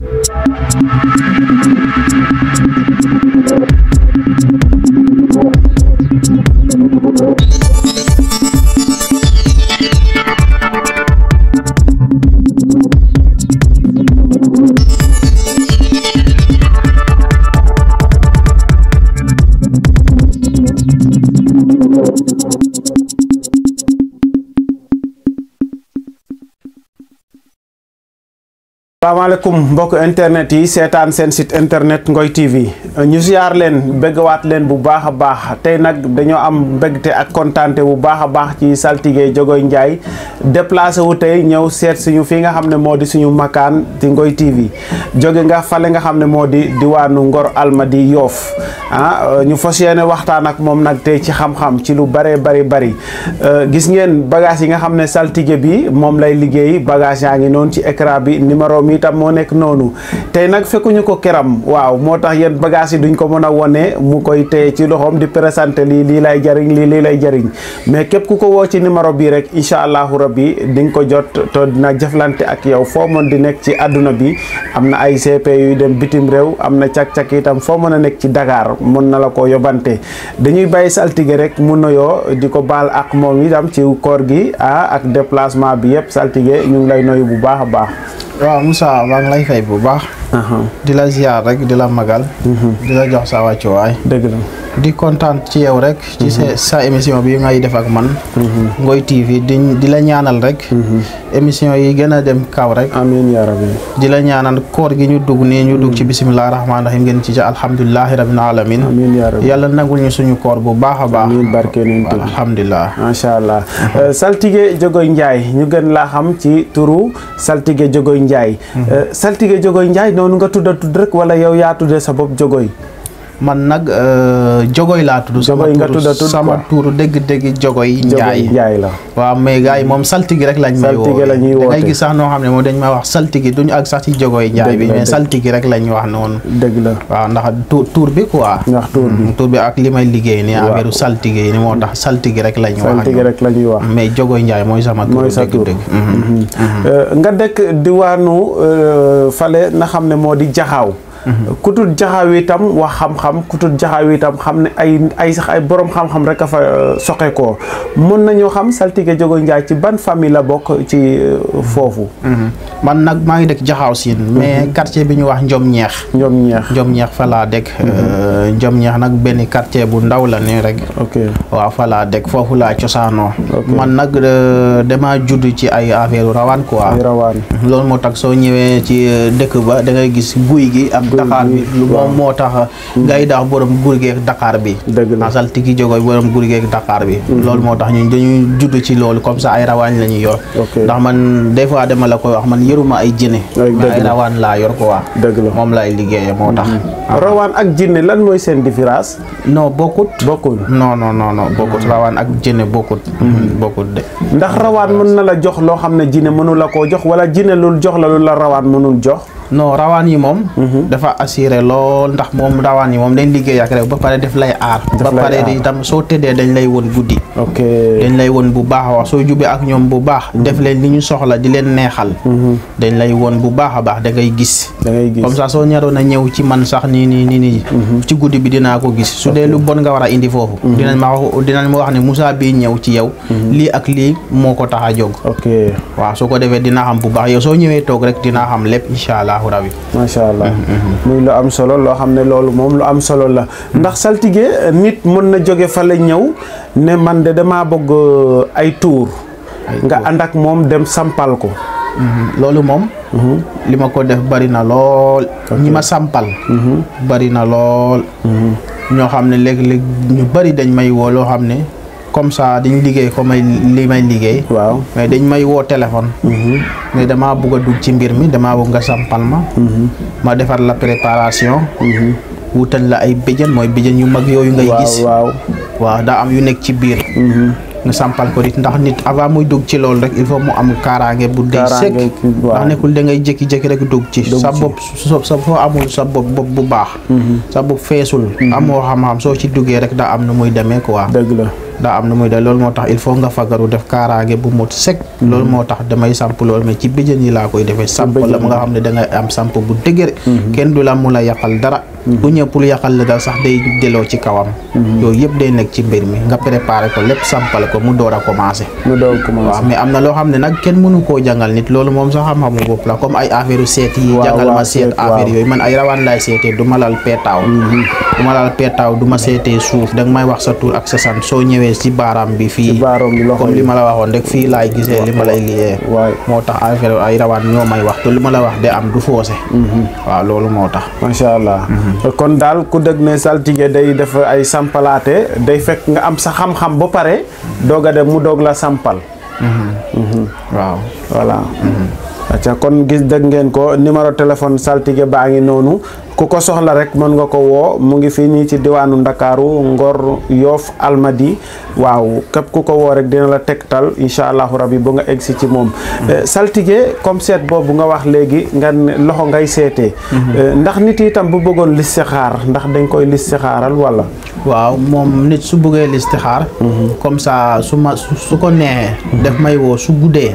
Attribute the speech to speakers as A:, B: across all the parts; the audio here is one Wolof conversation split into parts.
A: Thank you. Assalamualaikum, mbok internet yi setan sen site internet Ngoy TV ñu len leen bëggwaat len bu baax baax tay nak dañu am mbégte ak contenté bu baax baax ci saltige Jogoy Njaay déplacer wu tay ñew seet suñu fi nga xam modi suñu makan ci Ngoy TV jóge nga fale nga xam modi diwanu Ngor Almadi yof ah euh, ñu fas waxtaan ak mom nak tay ci xam-xam ci lu bare bari bari euh, gis ngeen bagage yi nga xam ne bi mom lay liggéey bagage yaangi non ci écran bi numéro mi itam mo nek nonu tay nak fekkuñu ko keram waaw motax yeen bagasi bagage yi duñ ko mëna woné mu koy ci loxom di présenter li li lay jariñ li li lay jariñ mais képp ku ko ci numéro bi rek inshallah allahu rabbi diñ ko jot to dina jëflanté ak yow fo mo di nek ci aduna bi amna ay CP yu dem bitim réew amna ciak cak itam fo mën a nekk ci Dakar mën na la ko yobanté dañuy bàyyi saltige rek mu noyo di bal ak moom itam ci koor gi ah ak déplacement bi yëpp saltige ñu ngi lay bu baax baax waaw Moussa maa ngi lay fay bu baax. di la ziar rek di la magal. Mhm. di la jox sa wàccuwaay. dëgg la. di kontaan ci yow rek. ci sa mhm. sa émission bi ngay def ak man. Mhm. Ngoy TV di di la ñaanal rek. Mhm. émission yi gën a dem kaw rek. amiin yaa rabbi. di la ñaanal koor gi ñu dugg nii ñu dugg ci bisimilah rahmaani rahiim ngeen ci ca alhamdulilah rabbil alamin amiin yaa yàlla nangul ñu suñu koor bu baax a baax. amiin barke nañ tudd allah euh, saltige Jogoy Ndiaye ñu gën laa xam ci turu saltige Jogoy Ndiaye. Euh, saltige Jogoy Ndiaye noonu nga tudda tudd rek wala yow yaa tuddee sa bopp Jogoy. man nag euh, jogoy laa tudd. jogoy nga tudd tudd sama tuuru dëgg dégg jogoy. njaay njaay la. waaw mais gars yi moom saltige rek lañ. may woo la ñuy woote da ngay gis sax noo xam ne moom dañ ma wax saltige duñu ak sax ci jogoy njaay bi mais saltige rek lañ wax noonu. dëgg la waaw ndax tu tuur bi quoi. ndax tuur bi mm, tuur bi ak li may liggéey nii affaire saltige yi nii moo tax saltige rek lañ. wax saltige rek lañuy wax mais jogoy njaay mooy sama. mooy sa tuur dégg mm-hmm. mm-hmm. mm-hmm. euh, nga dëkk diwaanu euh, fale na xam ne moo di jaxaaw. ku tudd jaxaaw itam wax xam-xam ku tudd jaxaaw itam xam ne ay ay sax ay borom xam-xam rek a fa euh, soqeekoo mën nañoo xam saltige Jogo Njaay ci ban famille la bokk ci euh, foofu. Mm-hmm. man nag maa ngi dëkk jaxaaw siin mais mm-hmm. quartier bi ñu wax Njom Ñeex. Njom Ñeex Njom Ñeex fa laa dëkk. Mm-hmm. Euh, Njom Ñeex nag benn quartier bu ndaw la nii rek. ok waaw fa foofu laa cosaanoo. man nag damaa judd ci ay affaire ba da gis guy gi am. Dakar bi mm-hmm. moom moo tax ngay daax borom gurgeeg Dakar bi asal tigi jogoy borom gurgeeg Dakar bi mm-hmm. loolu moo tax ñun dañuy judd ci loolu comme ça ay rawaan la ñuy yor ndax man des fois dama la koy wax man yëruma ay jëne mais ay rawaan laa yor ko waa moom lay liggéeye moo tax mm-hmm. rawaan ak jinne lan mooy seen différence non bokkut bokkul non non non non bokkut rawaan ak jinne bokkut bokkut de ndax rawaan mën na la jox loo xam ne jinne mënu la koo jox wala jinne lu jox la lu la rawaan mënul jox non rawaan yi moom. Mhm. dafa assuré lool ndax moom rawaan yi moom dañ liggéey ak rek ba pare def lay aar. ba pare tam soo tëddee dañ lay won guddi. ok dañ lay won bu baax a wax soo jubee ak ñoom bu baax. Mhm. def leen li ñu soxla di leen neexal. Mhm. dañ lay won bu baax a baax da ngay gis. da ngay gis comme ça soo ñaroon ñëw ci man sax nii nii nii nii. ci guddi bi dinaa ko gis su dee lu bon nga war a indi foofu. dinañ ma wax dinañ ma wax ne Moussa bii ñëw ci yow. lii ak lii moo ko tax a jóg. ok waaw soo ko defee dina xam bu baax yow soo ñëwee toog rek dinaa xam lépp incha allah allahu rabi. macha allah mm-hmm, mm-hmm. muy lu am solo loo xam ne loolu moom lu am solo la. Mm-hmm. ndax saltige nit mën na jóge fa la ñëw ne man de damaa bëgg euh, ay tuur. nga ànd ak moom dem sampal ko. loolu moom. li ma ko def bari na lool. ñi ma sampal. bari na lool. ñoo xam ne léeg-léeg ñu bari dañ may woo loo xam ne. comme ça dañ liggéey ko may li may liggéey. waaw mais dañ may woo téléphone. Mhm. ne damaa bugg a dugg ci mbir mi damaa bugg nga sampal ma. Mhm. ma defar la préparation. Mhm. wutal la ay bëjën mooy béjjën yu mag yooyu. ngay gis waaw waaw daa am yu nekk ci biir. nga sampal ko nit ndax nit avant muy dugg ci loolu rek il faut mu am kaaraange bu day sëkk ndax nekkul da ngay jékki rek dugg ci sa bopp sa foo amul sa bopp bopp bu baax sa bopp feesul amoo xam-xam soo ci duggee rek daa am na muy demee quoi dëgg la daa am na muy dal lool moo tax il faut nga fagaru def kaaraange bu mot sec hmm. lool moo tax damay samp loolu mais ci béjjën yi laa koy defee samp la mu nga xam ne da am samp bu dëgër hmm. kenn du la mun a yàqal dara bu ñëw pour la daal sax day delloo ci kawam. Mhm. yooyu yëpp day nekk ci mbir mi nga préparé ko lépp sampale ko mu door a commencé. mu door a commencé waaw mais am na loo xam ne nag kenn mënu koo jàngal nit loolu moom sax am xamu bopp la comme ay affaire seet yi. jàngal ma seet affaire yooyu man ay rawaan laay seetee du ma laal peetaaw. Mhm. du ma laal peetaaw du ma seetee suuf danga may wax sa tur ak sa sant soo ñëwee si baaraam bi fii. comme li ma la waxoon rek fii laay gisee li ma lay liyee. moo tax affaire ay rawaan ñoo may wax te li ma la wax de am du foose. Mhm. waaw loolu moo tax. macha allah. kon daal ku dëgg ne saltige day def ay sampalaate day fekk nga am sa xam-xam ba pare doog a dem mu doog la sampal mm-hmm. mhm. waaw voilà mm-hmm. acca kon gis dëgg ngeen ko numéro téléphone saltige baa ngi noonu ku ko soxla rek mën nga ko woo mu ngi fii nii ci diwaanu ndakaaru ngor yoof almadi waaw képp ku ko woo rek dina la tegtal incha allahu rabbi bu nga egsi ci moom mm-hmm. eh, saltige comme seet boobu nga wax léegi nga loxo ngay seete mm-hmm. eh, ndax nit itam bu bëggoon listixaar ndax dañ koy listixaaral wala waaw moom nit su bëggee listixaar mm-hmm. comme saa su ma su ko neexee def may woo su guddee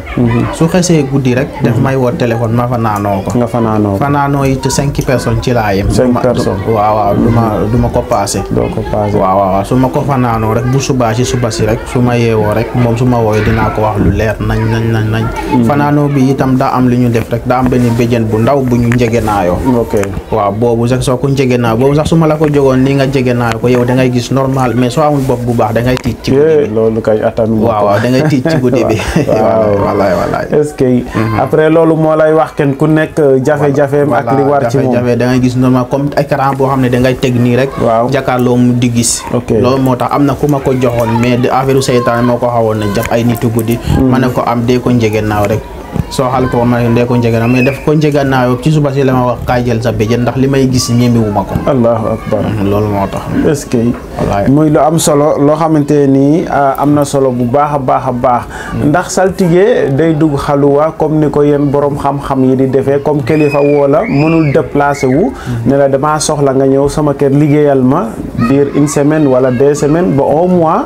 A: su xesee guddi rek daf may woo téléphone ma fanaanoo ko nga fanaanoo fanaanoo it cinq personnes ci laa yem cinq personnes waaw waaw duma duma ko passé doo ko passé waaw waaw su ma ko fanaanoo rek bu subaa si suba si rek su ma yeewoo rek moom su ma wooy dinaa ko ah, wax lu leer nañ nañ nañ nañ hmm. fanaanoo bi itam daa am li ñu def rek daa am benn béjjën bu ndaw bu ñu njegenaayoo ok waaw boobu sax soo ko njegenaayo boobu sax su ma la ko jogoon nii nga njegenaayo ko yow ya, da ngay gis normal mais soo amul bopp bu baax da ngay tiit ci guddi bi loolu kay atam waaw waaw da ngay tiit ci guddi bi waaw walaay walaay est-ce que mhm. après loolu moo lay wax kenn ku nekk jafe-jafeem ak li war ci moom da ngay gis normal comme ay boo xam ne da ngay teg nii rek. waaw jàkkaarloo mu di gis. loolu moo tax am na ku ma ko joxoon mais affaire seytaane moo ko xawoon na jàpp ay nitu guddi. Hmm. ma ne ko am dee ko njëgeen naaw rek. sooxal ko ma dee ko njëgana mais daf ko njëganaayoo ci suba si la ma wax kaay jël sa béjjën ndax li may gis ñemewu ma ko. allahu akbar mm-hmm, loolu moo tax. est-ce que muy lu am solo loo xamante nii ah, am na solo bu baax a baax a baax. Mm-hmm. ndax saltige day dugg xaluwa comme ni ko yéen borom xam yi di defee comme kilifa woo la mënul déplacé wu. Mm-hmm. ne damaa soxla nga ñëw sama kër liggéeyal ma biir une semaine wala deux semaine ba un mois.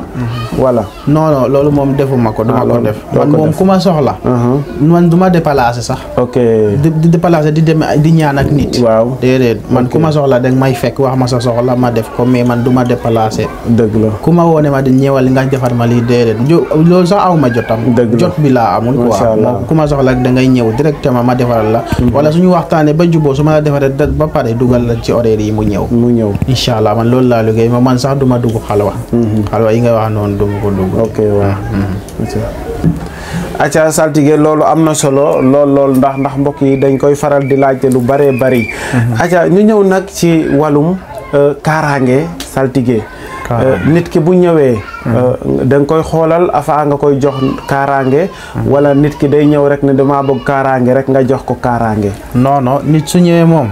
A: voilà non loolu moom defuma ko. dama ah, ko def man moom ku ma soxla. Uh-huh. man du ma déplacé sax. ok di déplacé di dem di ñaan ak nit. waaw déedéet man ku ma soxla danga may fekk wax ma sa soxla ma def ko mais man duma ma déplacé. dëgg la ku ma woone ma di ñëwal nga defar ma lii déedéet jo loolu sax aw ma jotam. jot bi laa amul. macha allah ku ma soxla dangay ñëw directement ma defaral la. Mhm. wala suñu waxtaanee ba juboo su ma la defaree ba pare dugal la ci horaire yi mu ñëw. mu ñëw incha allah man loolu laa liggéey ma man sax duma ma dugg xalwa. Mhm. xalwa yi ngay wax noonu du ko dugg. ok waaw. Ah, mhm. acca saltige loolu am na solo lool lool ndax ndax mbokk yi dañ koy faral di laajte lu bëree bëri mhm. acca ñu ñëw nag ci wàllum euh, kaaraange saltige euh, nit ki bu ñëwee mhm. euh, da koy xoolal afaa nga koy jox kaaraange mhm. wala nit ki day ñëw rek ne dama bëgg kaaraange rek nga jox ko kaaraange non nit su ñëwee moom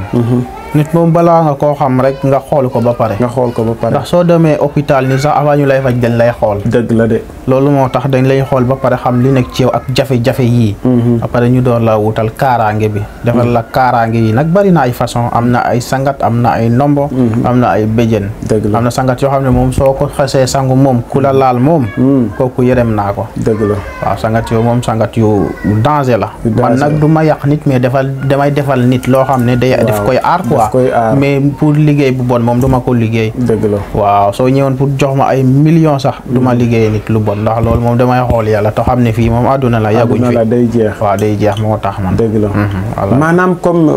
A: nit moom balaa nga koo xam rek nga xool ko ba pare. xool ko ba ndax soo demee hôpital ni sax avant ñu lay faj dañ lay xool. dëgg la de. loolu moo tax dañ lay xool ba pare xam li nekk ci yow ak jafe-jafe yii. Mm-hmm. après ñu door la wutal kaaraange bi. defal la mm-hmm. kaaraange yi nag bari na ay façon am na ay sangat am na ay ndombo. Mm-hmm. am na ay béjjén. dëgg la am na sangat yoo xam ne moom soo ko xasee sangu moom kula la laal moom. Mm. kooku yërem naa ko. dëgg la waaw sangat yoo moom sangat yu danger la. man nag du ma yàq nit mais defal damay defal nit loo xam ne day def koy quoi mais pour liggéey bu bon moom duma ko liggéey dëgg la waaw soo ñëwoon pour jox ma ay millions sax duma mm. liggéey nit lu bon ndax loolu moom damay xool yàlla te xam ne fii moom àdduna la yàgguñ fi day jeex waaw day jeex moo tax man dëgg la mm-hmm, maanaam comme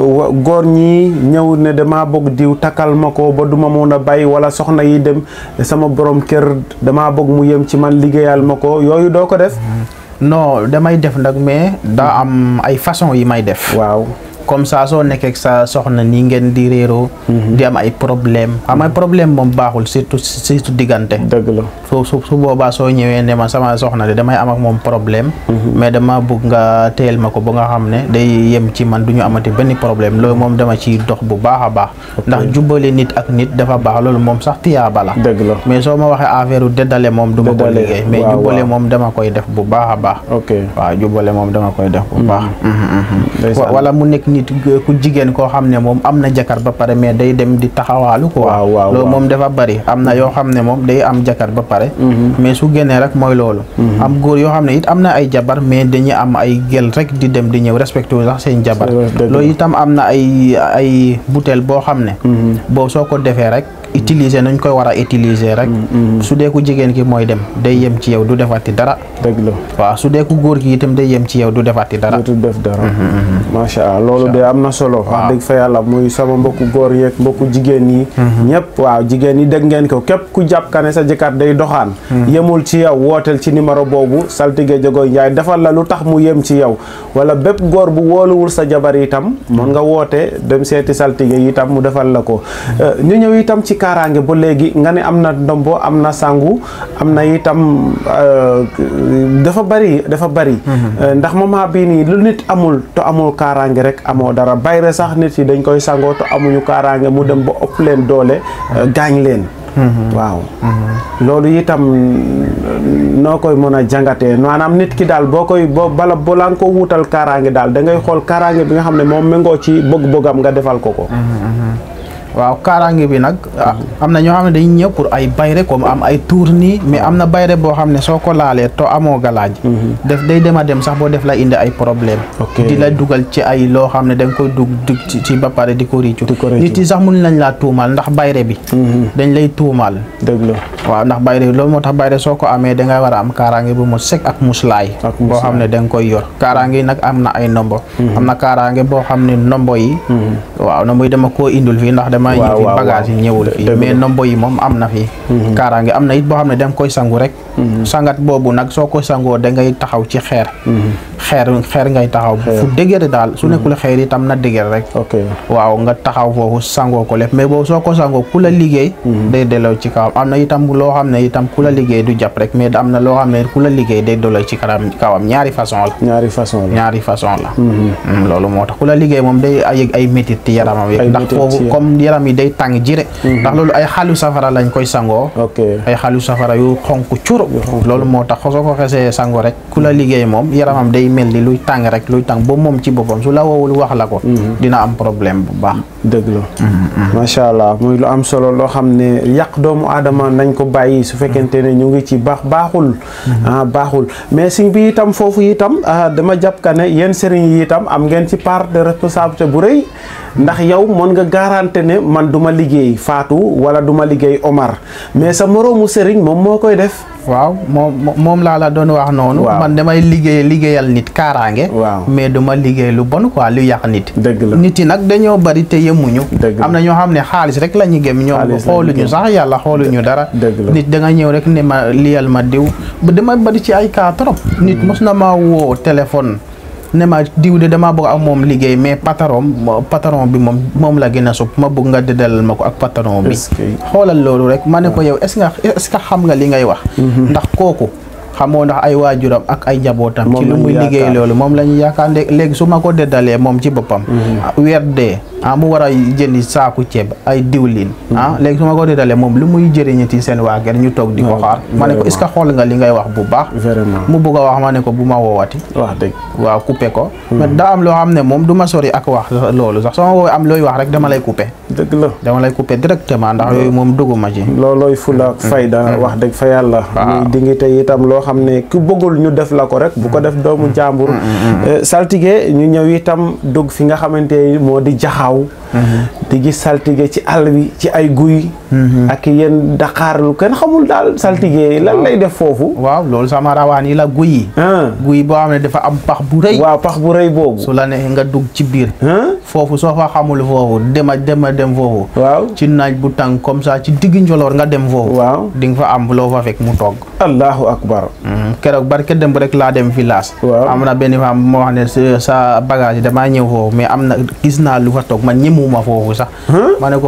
A: góor ñi ñëw ne dama bëgg diw takkal ma ko ba duma mën a bàyyi wala soxna yi dem sama borom kër dama bëgg mu yem ci man liggéeyal ma ko yooyu doo ko def mm-hmm. non damay def nag mais daa am ay façon yi may def comme ça nek ak sa soxna ni ngeen di rero mhm. di am ay problème xam ay problème mom baxul surtout surtout diganté deug la so so su boobaa soo ma sama soxna de damay am ak mom problème mhm. mais dama bëgg nga téyel ma ba nga xam day yem ci man duñu amati benn problème loolu mom dama ci dox bu baaxa baax ndax jubbale nit ak nit dafa baax loolu mom sax tiyaba la deug la mais so ma waxé affaireu dédalé mom duma ma ko liggéey mais jubbale mom dama koy def bu baaxa baax ok wa jubbale mom dama koy def bu baax wala mu ni nit ku jigéen koo xam ne moom am na jëkkër ba pare mais day dem di taxawaalu quoi loolu moom dafa bari am na yoo xam ne moom day am jëkkër ba pare mm-hmm. mais su génnee rek mooy loolu mm-hmm. am góor yoo xam ne it am na ay jabar mais dañuy am ay gel rek di dem di ñëw respecté wu sax seen jabar lool itam am na ay ay boo xam ne mm-hmm. boo soo ko defee rek utiliser nañ koy war a utiliser rek. Mm, mm, mm. su dee ku jigéen ki mooy dem day yem ci yow du defati dara. dëgg la waaw su dee ku góor gi itam day yem ci yow du defati dara. dootul def dara. Mm-hmm, mm-hmm. macha loolu de am na solo. wax dëgg fa yàlla muy sama mbokku góor yeeg mbokku jigéen yi. Mm-hmm. ñëpp waaw jigéen yi dégg ngeen ko képp ku jàpp ka ne sa jëkkaat day doxaan. yemul ci yow wooteel ci numéro boobu saltige Jogoy Njaay defal la lu tax mu yem ci yow wala bépp góor bu woolewul sa jabar itam. mën nga woote dem seeti saltige yi itam mu defal la ko euh, kaaraange ba léegi nga ne am na ndombo am na sangu am na itam euh, dafa bari dafa bari mhm. ndax moment bii nii lu nit amul te amul kaaraange rek amoo dara bayre sax nit yi dañ koy sangoo te amuñu kaaraange mu dem ba ëpp leen doole euh, gaañ leen mhm. waaw mhm. loolu itam euh, noo koy mën a jàngatee maanaam nit ki daal boo koy boo bala balaa nga ko wuutal kaaraange daal da ngay xool kaaraange bi nga xam ne moom méngoo ci bëgg-bëggam nga defal ko ko waaw kaaraange bi nag ah, mhm. am na ñoo xam ne dañ ñëw pour ay bayre comme am ay tour nii mais mhm. am na bayre boo xam ne soo ko laalee to amoo galaaj mhm. def day dem a dem sax boo def la indi ay problème di la dugal ci ay loo xam ne dañ koy dug dug ci ba pare di ko réccu nit yi sax mun nañ laa tuumaal ndax bayre bi dañ lay tuumaal dëgg la waaw ndax bayre bi loolu moo tax bayre soo ko amee dangay nga war a am kaaraange bu mu sek ak muslaay boo xam ne danga koy yor kaaraange yi nag am na ay nombo am na kaaraange boo xam ne nombo yi waaw nombo yi dama koo indul fii ndax éléments yi fi bagage yi ñëwul fii mais nombo yi moom am na fi mhm. kaaraange am na it boo xam ne dam koy sangu rek mhm. sangat boobu nag soo koy sangoo dangay taxaw ci xeer mhm. xeer xeer ngay taxaw fu dëgër daal su nekkul xeer itam na dëgër rek waaw nga taxaw foofu sangoo ko lépp mais boobu soo ko sangoo ku la liggéey day delloo ci kawam am na itam loo xam ne itam ku la liggéey du jàpp rek mais am na loo xam ne ku la liggéey day delloo ci kanam kawam ñaari façon la ñaari façon la ñaari façon la mm, loolu moo tax ku la liggéey moom day yëg ay métit ci yaramam yëg ndax foofu comme yaram yi day tàng jire mhm. ndax loolu ay xalu safara lañ koy sangoo ay xalu safara yu xonk cur loolu moo tax soo ko xesee sangoo rek ku la liggéey moom yaramam day mel ni luy tàng rek luy tàng ba moom ci boppam su la woowul wax la ko mhm. dina am problème bu baax dëgg la mhm, macha allah muy lu am solo loo xam ne yàq doomu aadama nañ ko bàyyi su fekkente ne ñu ngi ci baax baaxul ah baaxul mais sëñ bi itam foofu itam ah, dama jàpp ka ne yéen sëriñ yitam am ngeen ci part de responsabilité bu rëy ndax yow mën nga garanté ne man duma liggéey faatu wala duma liggéey Omar mais sa moroomu sëriñ moom moo koy def. waaw moom moom laa la doon wax noonu. man damay liggéey liggéeyal nit kaaraange. waaw mais duma liggéey lu bon quoi lu yàq nit. dëgg la nit yi nag dañoo bari te yemuñu. am na ñoo xam ne xaalis rek la ñu gëm. ñoom xooluñu sax yàlla xooluñu dara. nit da ñëw rek ne ma liyal ma diw. ba damay bari ci ay cas trop. nit hmm. mos na ma woo téléphone. ne ma diw de dama bëgg am moom liggéey mais patron patron bi moom moom la gën a sub ma bëgg nga dëddalal ma ko ak patron bi xoolal loolu rek ma ne ko yow est-ce que xam nga li ngay wax mhm. ndax kooku xamoo ndax ay waajuram ak ay njabootam ci lu muy liggéey loolu moom la ñu yaakaar léegi su ma ko dëddalee moom ci boppam mhm. weer dee ah mu war a jëndi saaku ceeb ay diwlin ah hmm. léegi su ma ko détalee moom lu muy jëriñati seen waa kër ñu toog di ko xaar ma ne ko est-ce xool nga li ngay wax bu baax mu bëgg a wax ma ne ko bu ma hmm. loo xam ne moom du ma sori ak wax loolu sax soo ma woowee am looy wax rek dama lay coupé dëgg la dama lay coupé directement ndax hmm. yooyu moom duguma ci loolooy fula fayda wax dëgg fa yàlla muy dingi te itam loo xam ne ku bëggul ñu def la ko rek bu ko def doomu jàmbur eh, saltige ñu ñëw itam dugg fi nga xamante moo di jaxaaw taxaw mm-hmm. di gis saltige ci àll bi ci ay guy Mm-hmm. ak yenn Dakar lu kenn xamul daal saltige lan lay def foofu waaw loolu sama rawaan yi la guy yi ah. guy boo xam ne dafa am pax bu rëy waaw pax bu rëy boobu su la ne nga dugg ci biir ah. foofu soo fa xamul foofu dema dema dem foofu waaw ci naaj bu tàng comme ça ci digg njoloor nga dem foofu waaw di nga fa am loo fa fekk mu togg allahu akbar mm-hmm. keroog barke dem rek laa dem village waaw am na benn femme moo xam ne sa bagage damaa ñëw foofu mais am na gis naa lu fa toog man ñemuma foofu sax ah. ma ne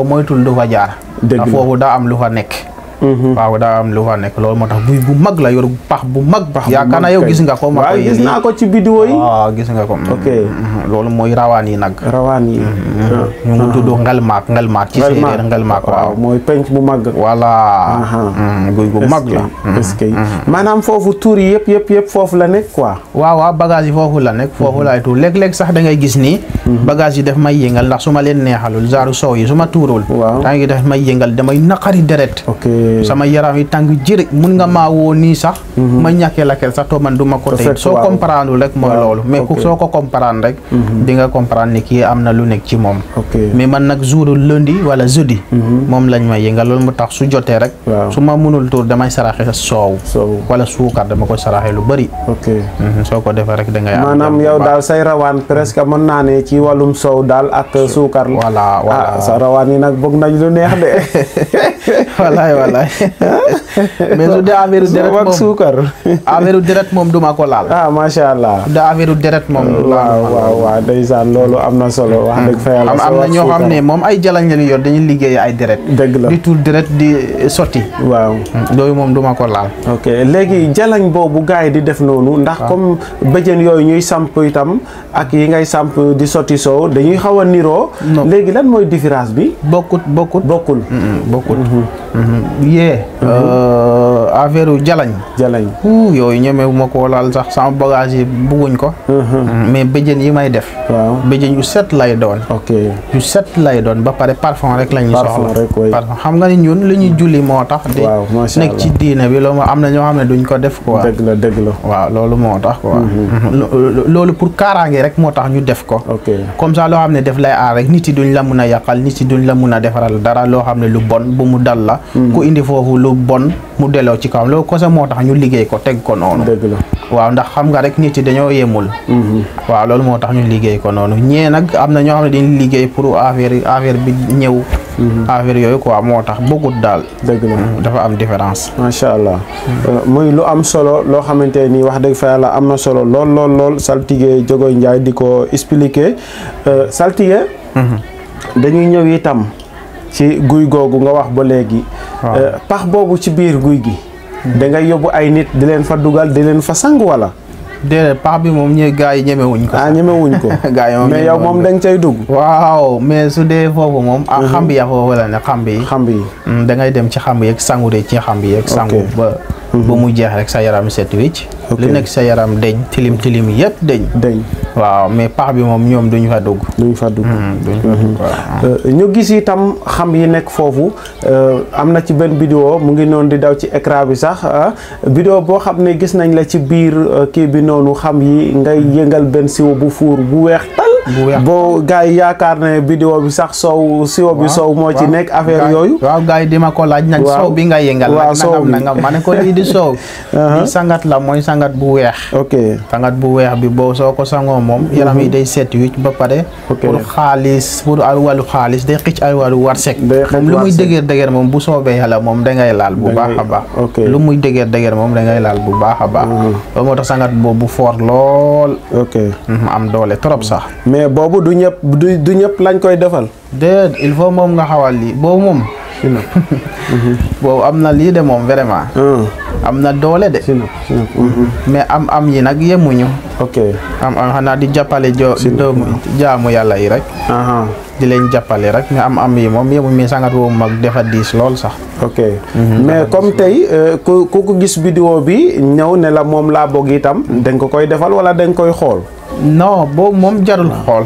A: dëgg la foofu daa am lu fa nekk. Mm-hmm. waaw daa am lu fa nekk loolu moo tax guy bu mag la yor pax bu mag pax yaakaar naa yow gis nga ko waaw gis naa ko ci vidéo yi ah, gis nga ko ok mm-hmm. loolu mooy rawaan yi nag rawaan yi mm-hmm. ah. ñu ngi tudd ngelmaak ngelmaak ci séeréer ngelmaak waaw mooy penc bu mag voilà guy gu mag la est-ce maanaam foofu tuur yi yëpp yëpp yëpp foofu la nekk quoi waaw a bagage foofu la nekk foofu la tuur léeg-léeg sax da ngay gis nii bagage yi def may yëngal ndax su ma leen neexalul genre soow su ma tuurul daa ngi def may yëngal damay naqari deret sama yaram yi tang jirik mun nga ma wo ni sax ma ñaké lakel sax to man duma ko tay so comprendre rek moy lolu mais ku soko comprendre rek di nga comprendre ni ki amna lu nek ci mom mais man nak jour lundi wala jeudi mhm. mom lañ may nga lolu mu tax su joté rek suma mënul tour damay saraxé sax soow wala suukar dama ko saraxé lu bari mhm, soko def rek da nga manam yow dal say rawan presque mon na né ci walum dal ak sukar. wala wala sa rawan nak bëgn nañ lu neex dé wallaay wallaay mais su dee affaire deret moom suukar affaire deret moom duma ko laal ah macha allah su dee affaire deret moom waaw waaw waaw ndeysaan loolu am na solo wax dëgg am na ñoo moom ay jalañ lañu yor dañuy liggéey ay deret dëgg la di tuur di sotti waaw loolu hmm, moom duma ko laal léegi jalañ boobu gars yi di def noonu ndax ah. comme bëjën yooyu ñuy samp itam ak yi ngay samp di soti soow dañuy xaw a niroo léegi lan mooy différence bi bokkut bokkut bokkul hmm, hmm, yeah. Uh, affaire jalañ jalañ yooyu ñemewu ma koo laal sax sama bagage yi bugguñ ko uh-huh. mm, mais béjjën yi may def waaw béjjën yu set lay doon ok yu set lay doon ba pare parfum rek la ñuy soxla parfum xam nga ni ñun li ñuy julli moo tax di nekk ci diine bi loolu am na ñoo xam ne duñ ko def quoi dëgg la dëgg la waaw loolu moo tax quoi mm-hmm. loolu pour kaaraange rek moo tax ñu def ko comme ça loo xam ne def lay aar rek nit yi duñ la mun a yàqal nit yi duñ la mun a defaral dara loo xam ne lu bon bu mu dal la mm-hmm. ku indi foofu lu bon mu delloo ci kawam loolu ko moo tax ñu liggéey ko teg ko noonu waaw ndax xam nga rek nit yi dañoo yemul mm-hmm. waaw loolu moo tax ñu liggéey ko noonu ñee nag am na ñoo xam ne dañu liggéey pour affaire affaire bi ñëw mm-hmm. affaire yooyu ko quoi moo tax bëggut daal dëgg mm, dafa am différence macha allah muy lu am solo loo xamante ni wax dëgg fa yàlla am na solo lool lool lool saltige Jogoy Njaay di ko expliquer euh, saltige mm-hmm. dañuy ñëw itam ci guy googu nga wax ba léegi euh, pax boobu ci biir guy gi da ngay yóbbu ay nit di leen fa dugal di leen fa sang wala. de pax bi moom ñe gars yi ñemewuñ ko. ah ñemewuñ ko. moom mais yow cay dugg. waaw mais su dee foofu moom. ah mhm. xam bi yaa foofu la ne xam yi xam mm, da ngay dem ci xamb bi yeeg sangu de ci xam bi yeeg. sangu ba. Mhm. mu jeex rek sa yaram set wicc li nekk sa yaram deñ tilim tilim yëpp deñ deñ waaw mais pax bi moom ñoom duñu fa dugg duñu fa dugg hmm, hmm. euh, ñu gis tam xam yi nekk foofu euh, am na ci benn vidéo mu ngi noonu di daw ci écran bi sax ah. vidéo boo xam ne gis nañ la ci biir euh, kii bi noonu xam yi ngay yëngal benn siwo bu fuur bu weex Ya. Bo gay yi ne vidéo bi sax soow siwo bi soow mo ci nek affaire yoyu waaw gay dima ko laaj nak soow bi nga yengal nak nangam ma ko di soow sangat la moy sangat bu weex ok sangat bu weex bi bo soo ko sangoo moom mhm. yaram yi day set wi ba pare pour khalis pour alwalu khalis day xicc alwalu warsek mom lu muy deuguer deuguer mom bu soobee yàlla mom. da ngay laal bu baakha ba ok lu muy deuguer deuguer mom da ngay laal bu baakha ba mhm. mo tax sangat bu fort lol ok mhm, am doole trop sax mais boobu du ñëpp du du ñëpp lañ koy defal. déet il faut moom nga xawal lii boobu moom. sino boobu am na lii de moom vraiment. Hmm. am na doole de. Hmm. mais am am yi nag yemuñu. ok am am xanaa di jàppale jo doomu jaamu yàlla yi rek. di leen jàppale rek mais am am yi moom yemuñu mais sangat boobu mag dafa diis lool sax. ok mhm. mais comme tey euh, ku ku ko gis vidéo bi ñëw ne la moom laa bog itam dañ ko koy defal wala dañ koy xool. non boobu moom jarul xool.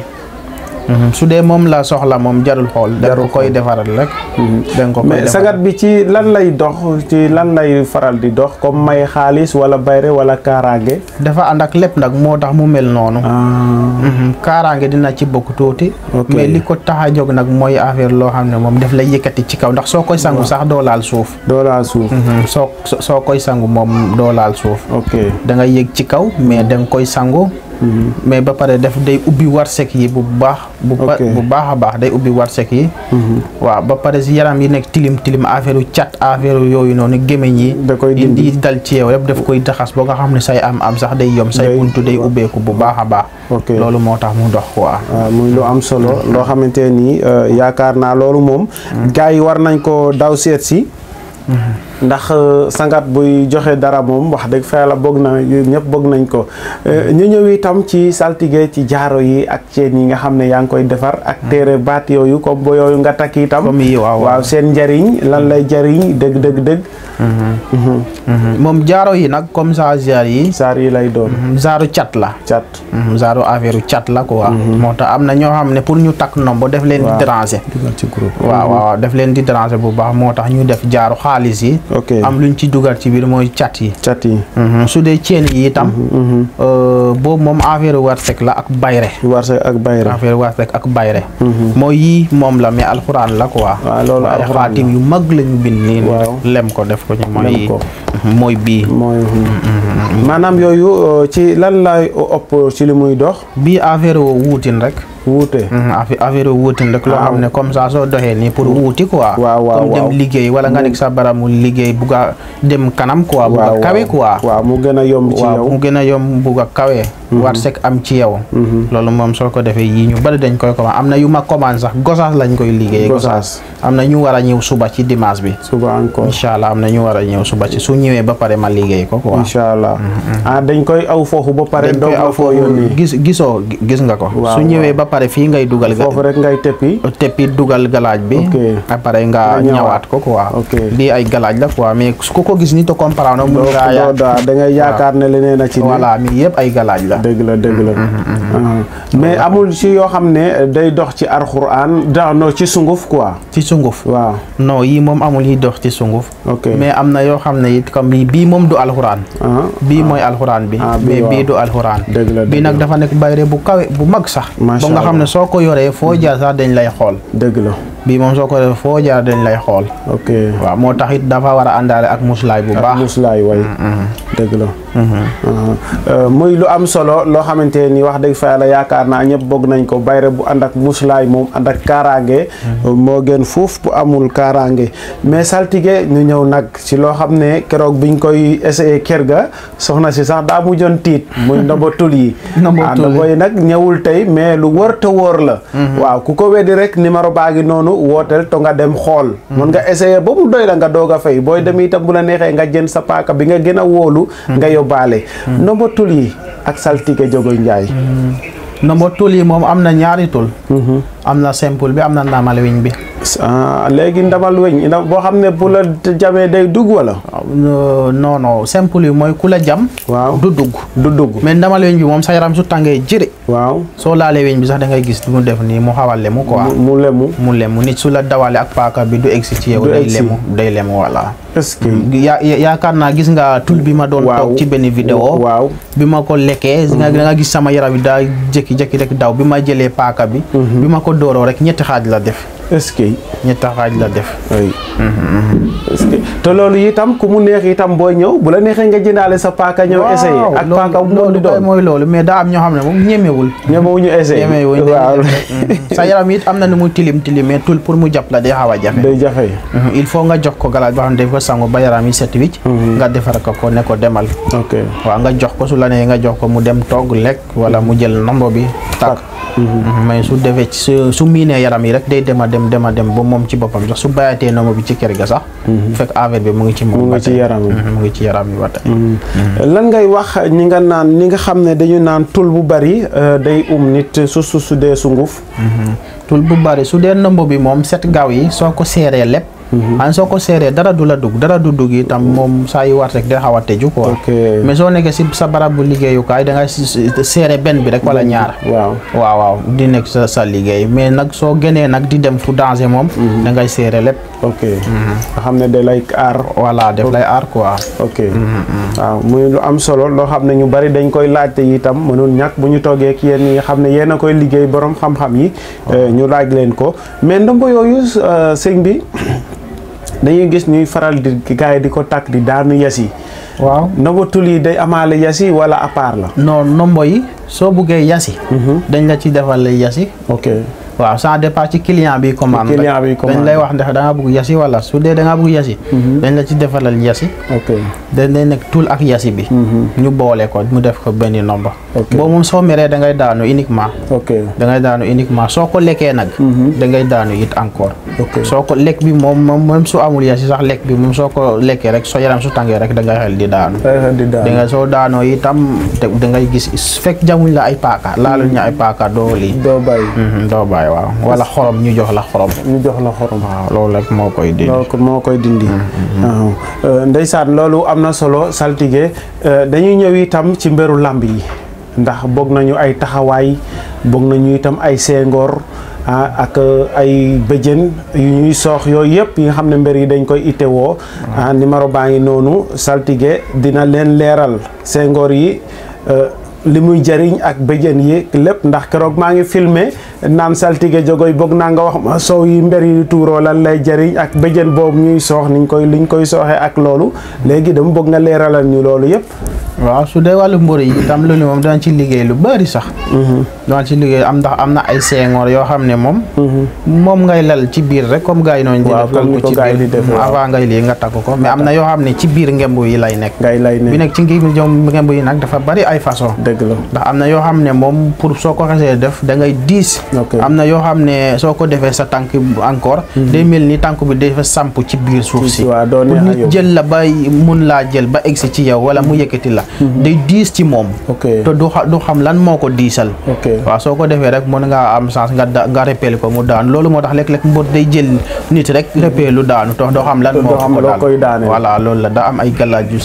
A: Mhm. su dee moom la soxla moom jarul xool. jarul koy defaral rek. Mhm. da ko bi ci lan lay dox ci lan lay faral di dox comme may xaalis wala bayre wala kaaraange. dafa ànd ak lépp nag moo tax mu mel noonu. Ah. Mhm. kaaraange dina ci bokk tuuti. mais li ko tax a nag mooy affaire loo xam ne moom daf lay yëkkati ci kaw ndax soo koy sangu sax doo laal suuf. doo suuf. soo soo koy sangu moom doo laal suuf. ok da nga yëg ci kaw mais danga koy sangu. Mm-hmm. mais ba pare def day ubbi warsek yi bu baax. bu bu baax a baax day ubbi warsek yi. Mm-hmm. waaw ba pare si yaram yi nekk tilim tilim affaire yu cat affaire yooyu noonu gémmiñ yi. da koy dindi yi dal ci yow yëpp daf koy taxas ba nga xam ne say am am sax day yom say buntu day ubbeeku bu baax a baax. loolu moo tax mu dox quoi. Ah, muy lu am solo loo xamante ne nii euh, yaakaar naa loolu moom. Mm-hmm. gars yi war nañ ko daw seet si. ndax euh, sangaat buy joxe dara moom wax dëgg fa la bëgg na ñëpp bëgg nañ ko euh, ñu ñëw itam ci saltige ci jaaro yi ak ceen yi nga xam ne yaa ngi koy defar ak hmm. téere baat yooyu comme ba yooyu nga takk itam waaw seen njariñ lan lay jariñ dëgg dëgg hmm. Hmm. moom jaaro yi nag comme ça yi saar yi lay doon jaaru cat la cat jaaru affaire cat la quoi moo tax am na ñoo xam ne pour ñu takk nombo def leen di déranger waaw waaw def leen di déranger bu baax moo tax ñu def jaaru xaalis yi ok am luñ ci dugal ci biir mooy cat yi. cat mhm. su dee ceen yi itam. Mhm, mhm. Euh, boobu moom affaire warsek la ak bayre. warsek ak bayre ak bayre. mooy yii moom la mais alxuraan la ko waaw ah, loolu ay xaatim yu mag lañu bind nii. lem ko def ko ci mooy. mooy bii. mooy maanaam yooyu euh, ci lan laay ëpp ci li muy dox. bii affaire woo wuutin rek. wuute mhm, affaire wuute rek loo xam ne comme ça soo doxee nii pour wuuti quoi comme dem liggéey wala nga nekk sa baramu liggéey bugg dem kanam quoi bugg a kawe quoi waaw mu gën a yomb mu gën a yom bugg a kawe war sek am ci yow mhm. loolu moom soo ko defee yii ñu bari dañ koy commande am na yu ma commande sax gosaas lañ koy liggéeyee gosaas am na ñu war a ñëw suba ci dimanche bi suba encore incha allah am na ñu war a ñëw suba ci su ñëwee ba pare ma liggéey ko quoi incha allah mhm, mhm. ah dañ koy aw foofu ba pare dañ koy aw foofu gis gisoo nga ko su ñëwee ba pare fii ngay dugal foofu rek teppi teppi dugal galaaj bi après nga ñawaat ko quoi lii ay galaaj la quoi mais ku ko gis ni to comprendre nag mu ngaa yaa da ngay yaakaar ne leneen a ci voilà mi yëpp ay galaaj la dëgg la dëgg mm-hmm, mm-hmm, mm-hmm. Ah. mais amul si yoo xam ne day dox ci alxuraan noo ci sunguf quoi ci sunguf no yii moom amul yi dox ci sunguf mais am na yoo xam ne it comme bii moom du alxuraan ah. bii ah. mooy alxuraan bi mais bii du alxuraan bii nag dafa nekk bayre bu kawe bu mag sax ba nga xam ne soo ko yoree foo jaar sax dañ lay xool dëgg la bii moom soo ko yoree foo jaar dañ lay xool waaw moo tax it dafa war a àndaale ak muslaay bu baax muslaay way dëgg la Euh, muy lu am solo loo xamante ni wax dëgg fa yàlla yaakaar naa ñëpp bëgg nañ ko bayre bu ànd ak muslaay moom ànd ak kaaraange mm-hmm. moo gën fuuf bu amul kaaraange mais saltige ñu ñëw nag ci loo xam ne keroog biñ koy essayé kër ga soxna si sax daa mujjoon tiit muy ndoba tul yi waaw ah, ndoba yi nag ñëwul tey mais lu wër te wóor la mm-hmm. waaw ku ko weddi rek numéro baa ngi noonu wooteel to nga dem xool mën mm-hmm. nga essayé ba mu doy la nga doog a fay booy dem itam bu la neexee nga jën sa paaka bi nga gën a wóolu nga yóbbu yóbbaale ndombo tul yi ak saltige jogoy njaay mm-hmm. ndombo tul yi moom am na ñaari tul mm-hmm. am na simple bi am na ndamal weñ bi ah, léegi ndamal weñ boo xam ne bu la jamee day dugg wala non non simple yi mooy ku la jam du dugg du ndamal weñ bi moom sa yaram su tàngee waaw soo laalee weñ bi sax da gis du mu def nii mu xaw a lemu quoi. mu lemu mu lemu nit su la dawale ak paaka bi du egsi ci yow. day lemu day lemu voilà. est-ce que yaa yaakaar naa gis nga tul bi ma doon toog ci benn vidéo waaw bi ma ko lekkee da nga mm-hmm. gis sama yaram bi daa jékki-jékki rek daw bi ma jëlee paaka bi mm-hmm. bi ma ko dooroo rek ñetti xaaj la def est-ce que ñetti la def. Mm-hmm. te loolu itam ku mu neex itam booy ñëw bu la neexee nga jëndaale sa paaka ñëw essayé. ak paaka mais daa ñoo xam ne moom ñemewul. ñemewuñu essayé mm-hmm. sa yaram it am na nu mu tilim tilim mais tul pour mu jàpp la day xaw a jafe. day jafe. Mm-hmm. il faut nga jox ko galaaj boo xam ne ko sangu ba yaram yi set wicc. nga defar ko ko ne ko demal. ok waaw nga jox ko su la nga jox ko mu dem togg lekk wala mu jël nombo bi tàkk. Mhm. mais su defee su su miinee yaram yi rek day dem a dem dem a dem ba moom ci boppam sax su bàyyatee nooma bi ci kër ga sax bu mhm. fekk affaire bi mu ngi ci moom mu ngi ci yaram yi mhm, mu ngi ci yaram yi ba lan ngay wax ñi nga naan ñi nga xam ne dañu naan tul bu bari euh, day um nit su su su dee sunguf tul bu bari su dee nomb bi moom set gaaw yi soo ko seeree lépp Mhm. an soo ko seeree dara du la dugg dara du dugg itam moom saa yu war rek day xaw a tëju quoi. mais soo nekkee si sa bu liggéeyukaay da nga seere benn bi rek wala ñaar. waaw waaw di nekk sa sa liggéey mais nag soo génnee nag di dem fu danger moom. Mhm. da ngay seere lépp. ok mhm. xam ne da lay aar. voilà daf lay aar quoi. ok waaw muy lu am solo loo xam ne ñu bari dañ koy laajte itam mënul ñàkk bu ñu toogee ki yéen ñi nga xam ne yéen a koy liggéey borom xam-xam yi. Euh, ñu laaj leen ko mais ndombo yooyu euh, sëñ bi. dañuy gis ñuy faral di gars yi di ko takk di daanu yas yi. waaw ndobatul yi day amaale yasi yi wala à la. non nombo yi soo buggee yas mhm. dañ la ci defal yas yi. ok. waaw sa de parti client bi commande client bi commande dañ lay wax ndax da nga bëgg yasi wala su dee da nga bëgg yasi mhm. dañ la ci défalal yassi ok dañ lay nek tul ak yasi bi ñu bolé ko mu def ko benn nombre bo moom so méré da ngay daanu uniquement ok da ngay daanu uniquement soko ko nak nag da ngay daanu yit encore ok ko lék mhm. bi mom même su amul yasi sax lék bi moom soko ko rek so yaram su tangé rek da ngay xel di daanu da nga soo daanoo itam da ngay gis fek jamuñ la ay paaka laaluñ la mhm. ay paaka doo lii doo bàyyi do bay waaw wala xorom ñu jox la xorom ñu jox la xorom waaw loolu rek moo koy dindi moo koy dindi mm-hmm. Mm-hmm. Euh, ndeysaan loolu am na solo saltige euh, dañuy ñëw itam ci mberu làmb yi ndax bokk nañu ay taxawaay bokk nañu itam ay seengoor ah ak euh, ay bëjën yu ñuy soox yooyu yëpp yi nga xam ne mbër yi dañ koy itewoo mm-hmm. ah numéro baa ngi noonu saltige dina leen leeral sengoor yi li muy jariñ ak bëjën yi lépp ndax keroog maa ngi filmé naan saltige jogoy boog naa nga wax ma soow yi mber yi tuuroo lan lay jariñ ak bëjën boobu ñuy soox niñ koy liñ koy sooxee ak loolu léegi dama bëgg nga leeralal ñu loolu yëpp waaw su dee wàllu mburu yi itam lu ni moom dana ci liggéey lu bari sax mhm. dana ci liggéey am ndax am na ay seengoor yoo xam ne moom mhm. moom ngay lal ci biir rek comme gars yi noonu di def lal ngay lii nga tagg ko mais am na yoo xam ne ci biir ngembu yi lay nekk bi nekk ci ngembu yi nag dafa bari ay façon dëgg la ndax am na yoo xam ne moom pour soo ko xesee def da ngay diis am na yoo xam ne soo ko defee sa tànk encore mhm. de mel nii tànk bi dafa samp ci biir suuf si pour nit jël la ba mun laa jël ba egsi ci yow wala mu yëkkati la day mm-hmm. diis ci moom te du du xam lan moo ko diisal waaw soo ko defee rek mën nga am chance nga nga répel ko mu daanu loolu moo tax léeg-léeg mbot day jël nit rek répelu daanu te doo xam lan moo ko daal voilà loolu la daa am ay galaaj yu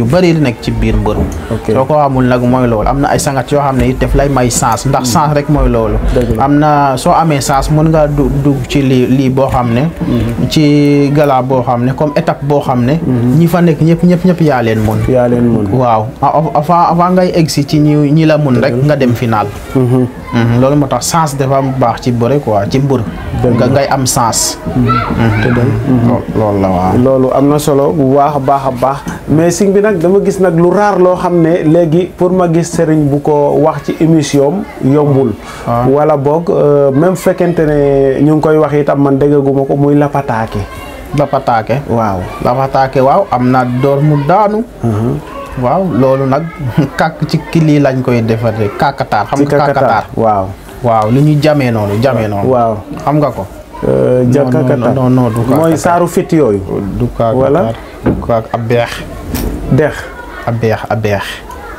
A: yu bëri li nekk ci biir mbër soo ko amul nag mooy loolu am na ay sangat yoo xam ne it def lay may chance ndax mm-hmm. chance rek mooy loolu am na soo amee chance mën ngaa du dugg ci lii lii boo xam ne mm-hmm. ci gala boo xam ne comme étape boo xam ne ñi fa nekk ñëpp ñëpp ñëpp yaa leen mën waaw avant avant ngay exit ci ñi ñi la mun rek nga dem final mhm. Mhm, loolu moo tax sens dafa am baax ci bëre quoi ci mbër nga ngay am sens te dem loolu la waaw loolu amna solo bu baax baax baax mais sing bi nak dama gis nak lu rar lo xam ne pour ma gis sëriñ bu ko wax ci émission yombul ah. wala bok euh, même fekkente ne ñu ngi koy wax itam man déggaguma ko muy la pataké waaw pataké waaw am na door mu daanu mhm. waaw loolu nag kàkk ci ki lii lañ koy defaree kàkkataar xam nga waaw waaw li ñu jamee noonu jamee noonu waaw xam nga ko euh, ja kàkkataar mooy saaru fit yooyu du kàkkataar wala du kàkk ab beex deex ab beex ab beex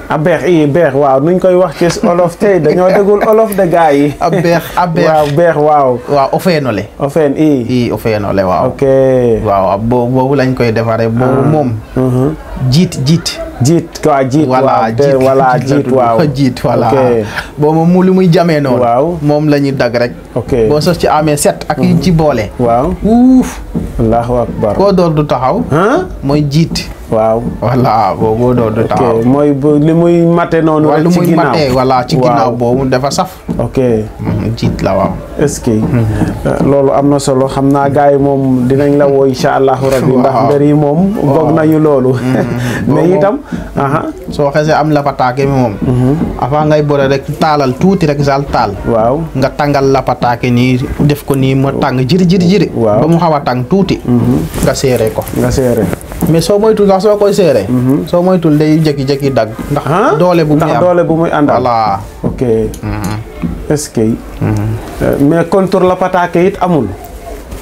A: abeex i beex waaw nuñ koy wax ci olof tey dañoo dégul olof de gars yi. abeex abeex waaw beex waaw. waaw ofeenole. ofeen i i waaw. ok waaw boobu lañ koy defaree. boobu ah, moom. Mhm. jiit jiit. jiit waaw jiit. voilà jiit voilà jiit waaw jiit li muy jamee noonu. waaw moom la ñuy dag rek. ok boo sos ci amee set. ak yi mhm. ci boole. waaw uuf. koo door du taxaw. mooy jiit. waaw voilà boobu doon du taxaw. mooy mooy li muy mate noonu. rek ci ginnaaw wala lu muy ci ginnaaw boobu dafa saf. ok mm, la waaw. ce que. Mm-hmm. Euh, loolu am na solo xam naa gars yi moom dinañ la woo incha allahu rabbi ndax mbir yi moom. bëgg nañu loolu. Mm-hmm. mais itam. soo xasee am lapataake mi moom. Mm-hmm. avant ngay boole rek taalal tuuti rek saal taal. waaw nga tàngal lapataake nii def ko nii ma tàng jiri jiri jiri. waaw ba mu xaw a tàng tuuti. nga seeree ko mais soo moytu sax soo koy seeree. Mhm. soo moytul day jékki-jékki dagg. ndax ah? doole bu muy doole bu muy àndal voilà. ok. Mhm. est-ce que. Mhm. Euh, mais contour la pataake it amul.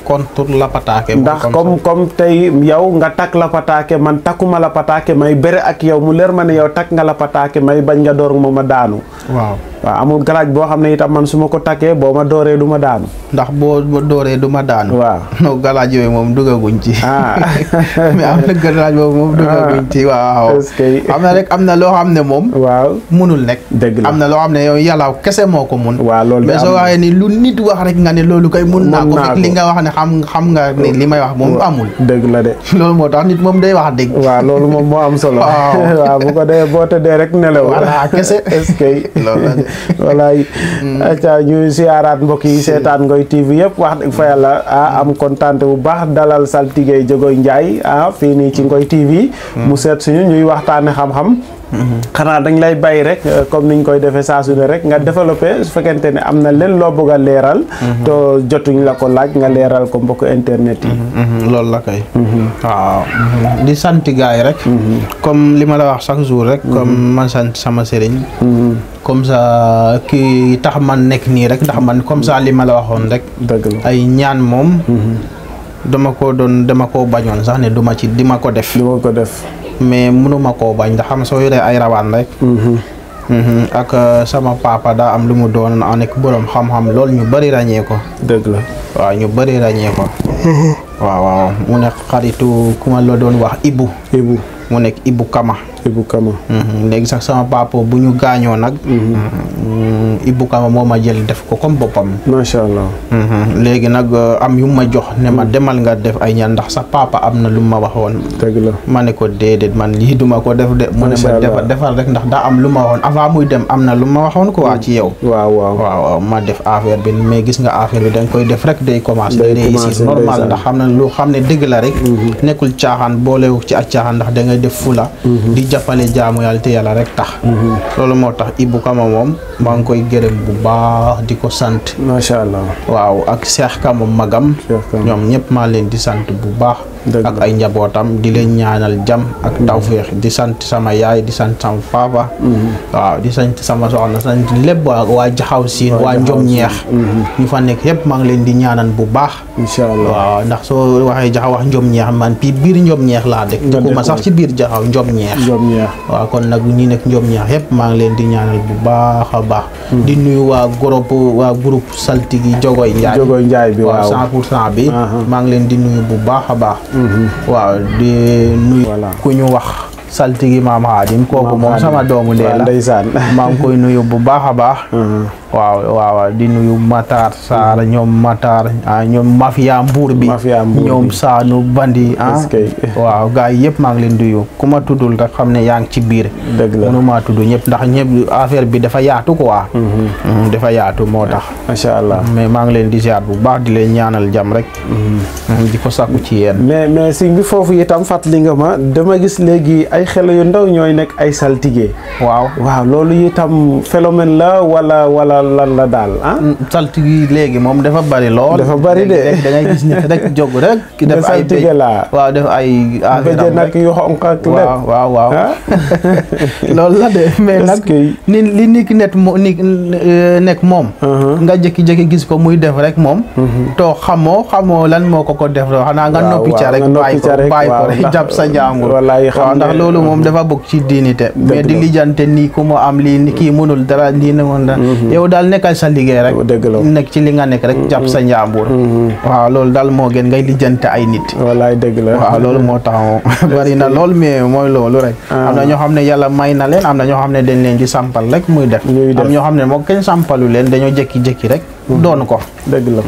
A: contour la pataake. ndax comme comme tey yow nga takk la pataake man takkuma la pataake may bere ak yow mu leer ma ne yow takk nga la pataake may bañ nga dooruma ma ma daanu. waaw. waaw amul galaaj boo xam ne itam man su ma ko takkee boo ma dooree du ma daanu. ndax boo ma dooree duma ma daanu. waaw non galaaj yooyu moom duggaguñ ci. Ah. mais moom duggaguñ ci ah. waaw. na rek am na loo xam ne moom. waaw munul nekk. dëgg la am na loo xam ne yow yàlla kese moo ko mun. waaw loolu mais soo waxee lu nit wax rek nga ne loolu kay. mun naa ko li nga wax ne xam xam nga ne li may wax moom amul. dëgg la de. loolu moo tax nit moom day wax dëgg. waa loolu moom moo am solo. waaw bu ko dee boo te tëddee rek nelaw. voilà kese est loolu la de. walaay mm. acca ñuy siyaaraat mbokk yi seetaan Ngoy TV yëpp wax dëgg fa yàlla ah am kontaan bu baax dalal saltige Jogoy Njaay a fii nii ci mm. Ngoy TV mu seet suñu ñuy waxtaane xam-xam xanaa dañ lay bàyyi rek euh, comme niñ koy defee saa su rek nga développé su fekkente ne am na leen loo bëgg a leeral. Mhm. te jotuñ la ko laaj nga leeral ko mbokk internet yi. Mhm, mhm, loolu la kay. waaw di sant gaay rek. comme li ma la wax chaque jour rek. comme man sant sama sëriñ. comme sa kii tax man nekk nii rek ndax man comme ça li ma la waxoon rek. ay ñaan moom. dama ko doon dama ko bañoon sax ne duma ci dima ko def. duma ko def. mais mënuma koo bañ ndax xam soo yoree ay rawaan rek. Mhm. Mhm. ak euh, sama papa daa am lu mu doon en nekk borom xam-xam loolu ñu bëri ràññee ko. dëgg la waaw ñu bëri ràññee ko. Mhm. waaw waaw mu nekk xaritu ku ma doon wax Ibou. Ibou mu nekk Ibou Kama. Ibou Kama. Mhm. léegi sax sama papa bu ñu gaañoo nag. Mhm. Mm, Ibou Kama moo ma jël def ko comme boppam. macha mhm. léegi nag euh, am yu ma jox ne ma demal nga def ay ñaan ndax sax papa am na lu ma waxoon. dëgg la ma ne ko déedéet man lii duma ko def de. mu ne ma defar defar rek ndax daa am lu ma waxoon avant muy dem am na lu ma waxoon ko waa ci yow. waaw waaw waaw ma def affaire bi mais gis nga affaire bi dañ koy def rek day commencé. day commencé normal ndax xam ne dëgg la rek. nekkul caaxaan boolewu ci ak ndax da jàppale jaamu yàlla te yàlla rek tax mhm. loolu moo tax Ibou Kama moom maa ngi koy gërëm bu baax di ko sant macha allah waaw ak Cheikh Kama magam ñoom ñëpp maa leen di sant bu baax ak ay njabootam di leen ñaanal jam ak mhm. tawféex di sant sama yaay di sant sama papa mhm. waaw di sant sama soxna sant lépp waa jaxaw siin waa njom ñeex ñu fa nekk yëpp maa ngi leen di ñaanal bu baax incha allah waaw ndax soo waxee jaxaw wax njom ñeex man pi biir njom ñeex laa dëkk ku ma sax ci njom ñeex ñoom waaw kon nag ñi nekk ñoom ñaax yëpp maa ngi leen di ñaanal bu baax a baax hmm. di nuyu waa groupe waa groupe saltigi jogoy njaay jogoy bi waaw cent pour cent bi uh-huh. maa ngi leen di nuyu bu baax a baax hmm. waaw di nuyu ku ñu wax saltigi maam Xaadim kooku moom sama doomu ndee la ndeysaan nuyu bu baax a baax uh-huh. waaw waaw di nuyu Matar Sarr mm-hmm. ñoom Matar ah ñoom mafia mbuur bi ñoom saanu bandi ah waaw gaa yi yëpp maa ngi leen nuyu ku ma tuddul rek xam ne yaa ngi ci biir mënu maa tudd ñëpp ndax ñëpp affaire bi dafa yaatu ko waa mm-hmm. mm-hmm, dafa yaatu moo tax macha allah mais maa ngi leen di ziar bu baax di leen ñaanal jàmm rek di ko sàkku ci yéen mais mais si bi foofu itam fàttali nga ma dama gis léegi ay xel yu ndaw ñooy nekk ay saltige waaw loolu itam phénomène la wala la lan la daal ah. Mm, saltige léegi moom dafa bari lool. dafa bari de da ngay gis nit rek jóg rek. ki def ay saltige laa. waaw def ay. affaire nag yu xonq ak lépp waaw waaw waaw. Ah? loolu de mais nag. ni li nit net mo ni euh, nekk moom. Uh-huh. nga jékki-jékki gis ko muy def rek moom. Uh-huh. to xamoo xamoo lan moo ko ko def loo xanaa nga noppi ca rek. bàyyi rek jàpp sa njàngur. waaw ndax loolu moom dafa bokk ci diinite. mais di lijjante nii ku am lii kii mënul dara lii na woon dara. Mm-hmm. yow daal nekkal sa liggéey rek nekk ci li nga nekk rek jàpp sa mm-hmm. njaambur mm-hmm. waaw loolu daal moo gën ngay lijjante ay nit wallaay dëgg la waaw loolu moo tax bari na lool mais mooy loolu rek ah. am ñoo xam ne yàlla may na leen am na ñoo xam ne dañ leen di sampal rek muy def am ñoo xam ne moo kenn sampalu leen dañoo jékki-jékki rek mm-hmm. doon ko dëgg la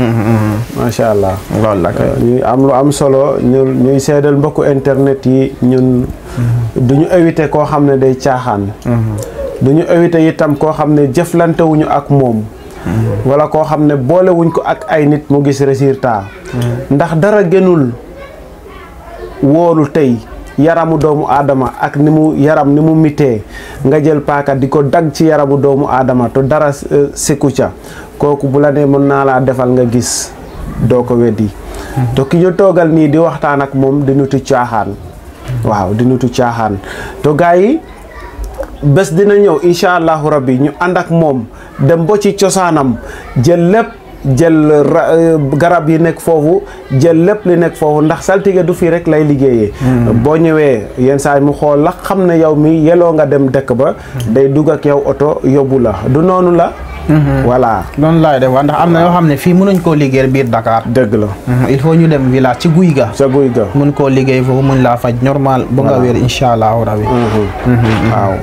A: macha allah loolu la kay am lu am solo ñu ñuy seedal mbokku internet yi ñun ñu éviter koo xam ne day caaxaan ñu éviter itam koo xam ne jëflantewuñu ak moom wala koo xam ne boolewuñ ko ak ay nit mu gis résultat ndax dara gënul wóolu tey yaramu doomu aadama ak ni mu yaram ni mu mitee nga jël paaka di ko dagg ci yaramu doomu aadama te dara euh, sikku ca kooku bu la ne mën naa laa defal nga gis doo ko weddi te ki ñu toogal nii di waxtaan ak moom di nutu caaxaan waaw di nutu caaxaan to gaa bés dina ñëw incha allahu yi ñu ànd ak moom dem ba ci cosaanam jël lépp jël euh, garab yi nekk foofu jël lépp li nekk foofu ndax saltige du fii rek lay liggéeyee hmm. boo ñëwee yenn saa mu xool la xam ne yow mi yeloo nga dem dëkk ba hmm. day dugg ak yow oto yóbbu la du noonu la Mhm. voilà loolu laay de waa ndax am na yoo xam ne fii mënuñ koo liggéeyal biir Dakar dëgg la mhm. il faut ñu dem village ci guy ga sa guy ga mun koo liggéey foofu mun laa faj normal ba nga wér incha allahu rabi mhm. waaw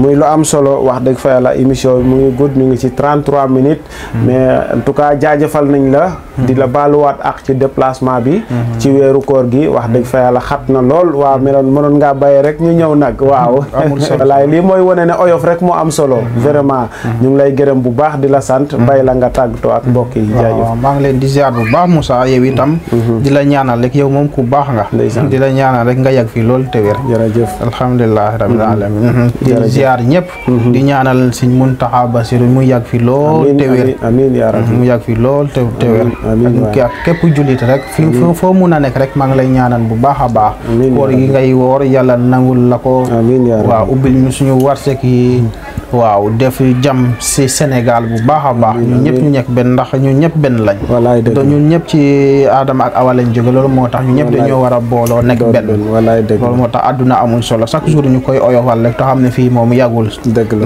A: muy lu am solo wax dëgg fa yàlla émission mu ngi gudd ngi ci 33 minutes mais en tout jaajëfal nañ la di la baaluwaat ak ci déplacement bi ci weeru koor gi wax dëgg fa yàlla lool waaw meloon mënoon ngaa bàyyi rek ñu ñëw nag waaw walaay lii mooy wane ne oyof rek mu am solo vraiment ñu lay gërëm bu baax di la sant mm-hmm. bàyyi la nga tàggatoo ak mbokk yi jaajëf maa ngi leen di ziar bu baax Moussa yow itam mm-hmm. di la ñaanal rek yow moom ku baax nga di la ñaanal rek nga yàgg fii loolu te wér jërëjëf alhamdulilah rabbil mm-hmm. alamin di ziar ñëpp di ñaanal sëñ Muntaxa Basiru mu yàgg fi lool te wér mu yàgg fi lool te te wér képp jullit rek fi foo mun a nekk rek maa ngi lay ñaanal bu baax a baax woor gi ngay woor yàlla nangul lako ko waaw ubbil ñu suñu warsek yi waaw def jàmm si Sénégal bu baax a baax ñun ñëpp ñu nekk benn ndax ñun ñëpp benn lañ do ñun ñëpp ci aadama ak awa lañ jóge loolu moo tax ñu ñëpp dañoo war a booloo nekk benn loolu moo tax àdduna amul solo chaque jour ñu koy oyofal rek te xam ne fii moom yàggul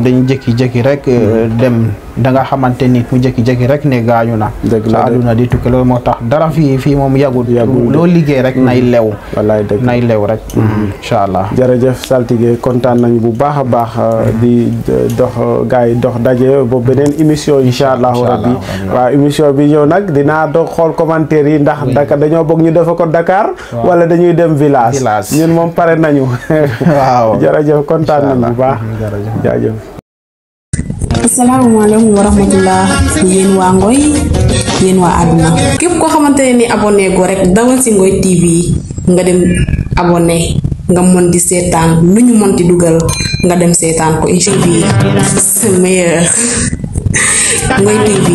A: dañu jékki-jékki rek mm-hmm. dem da nga xamante nit mu jékki-jékki rek ne gaañu na sa àdduna di tukki loolu moo tax dara fi fii moom yàggul loo liggéey rek nay mm-hmm. lew wallaay dëgg nay lew rek mm-hmm. incha allah jërëjëf saltige kontaan nañu bu baax a baax euh, mm-hmm. di euh, dox gars yi dox daje bo beneen émission incha allahu rabbi waa émission bi ñëw nag dinaa dox xool commentaire yi ndax Dakar dañoo bëgg ñu defe ko Dakar wala dañuy dem village ñun moom pare nañu waaw jërëjëf kontaan nañu bu baax jaajëf asalaamaaleykum wa rahmatullah yéen waa Ngoy yéen waa àdduna képp koo xamante ni abonné goo rek dawal si Ngoy TV nga dem abonné nga mën di seetaan lu ñu mën di dugal nga dem seetaan ko incha allah c'est meilleur Ngoy TV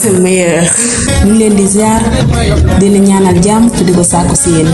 A: c'est meilleur leen di ziar di la ñaanal jàmm ci di ko sàkku si yéen.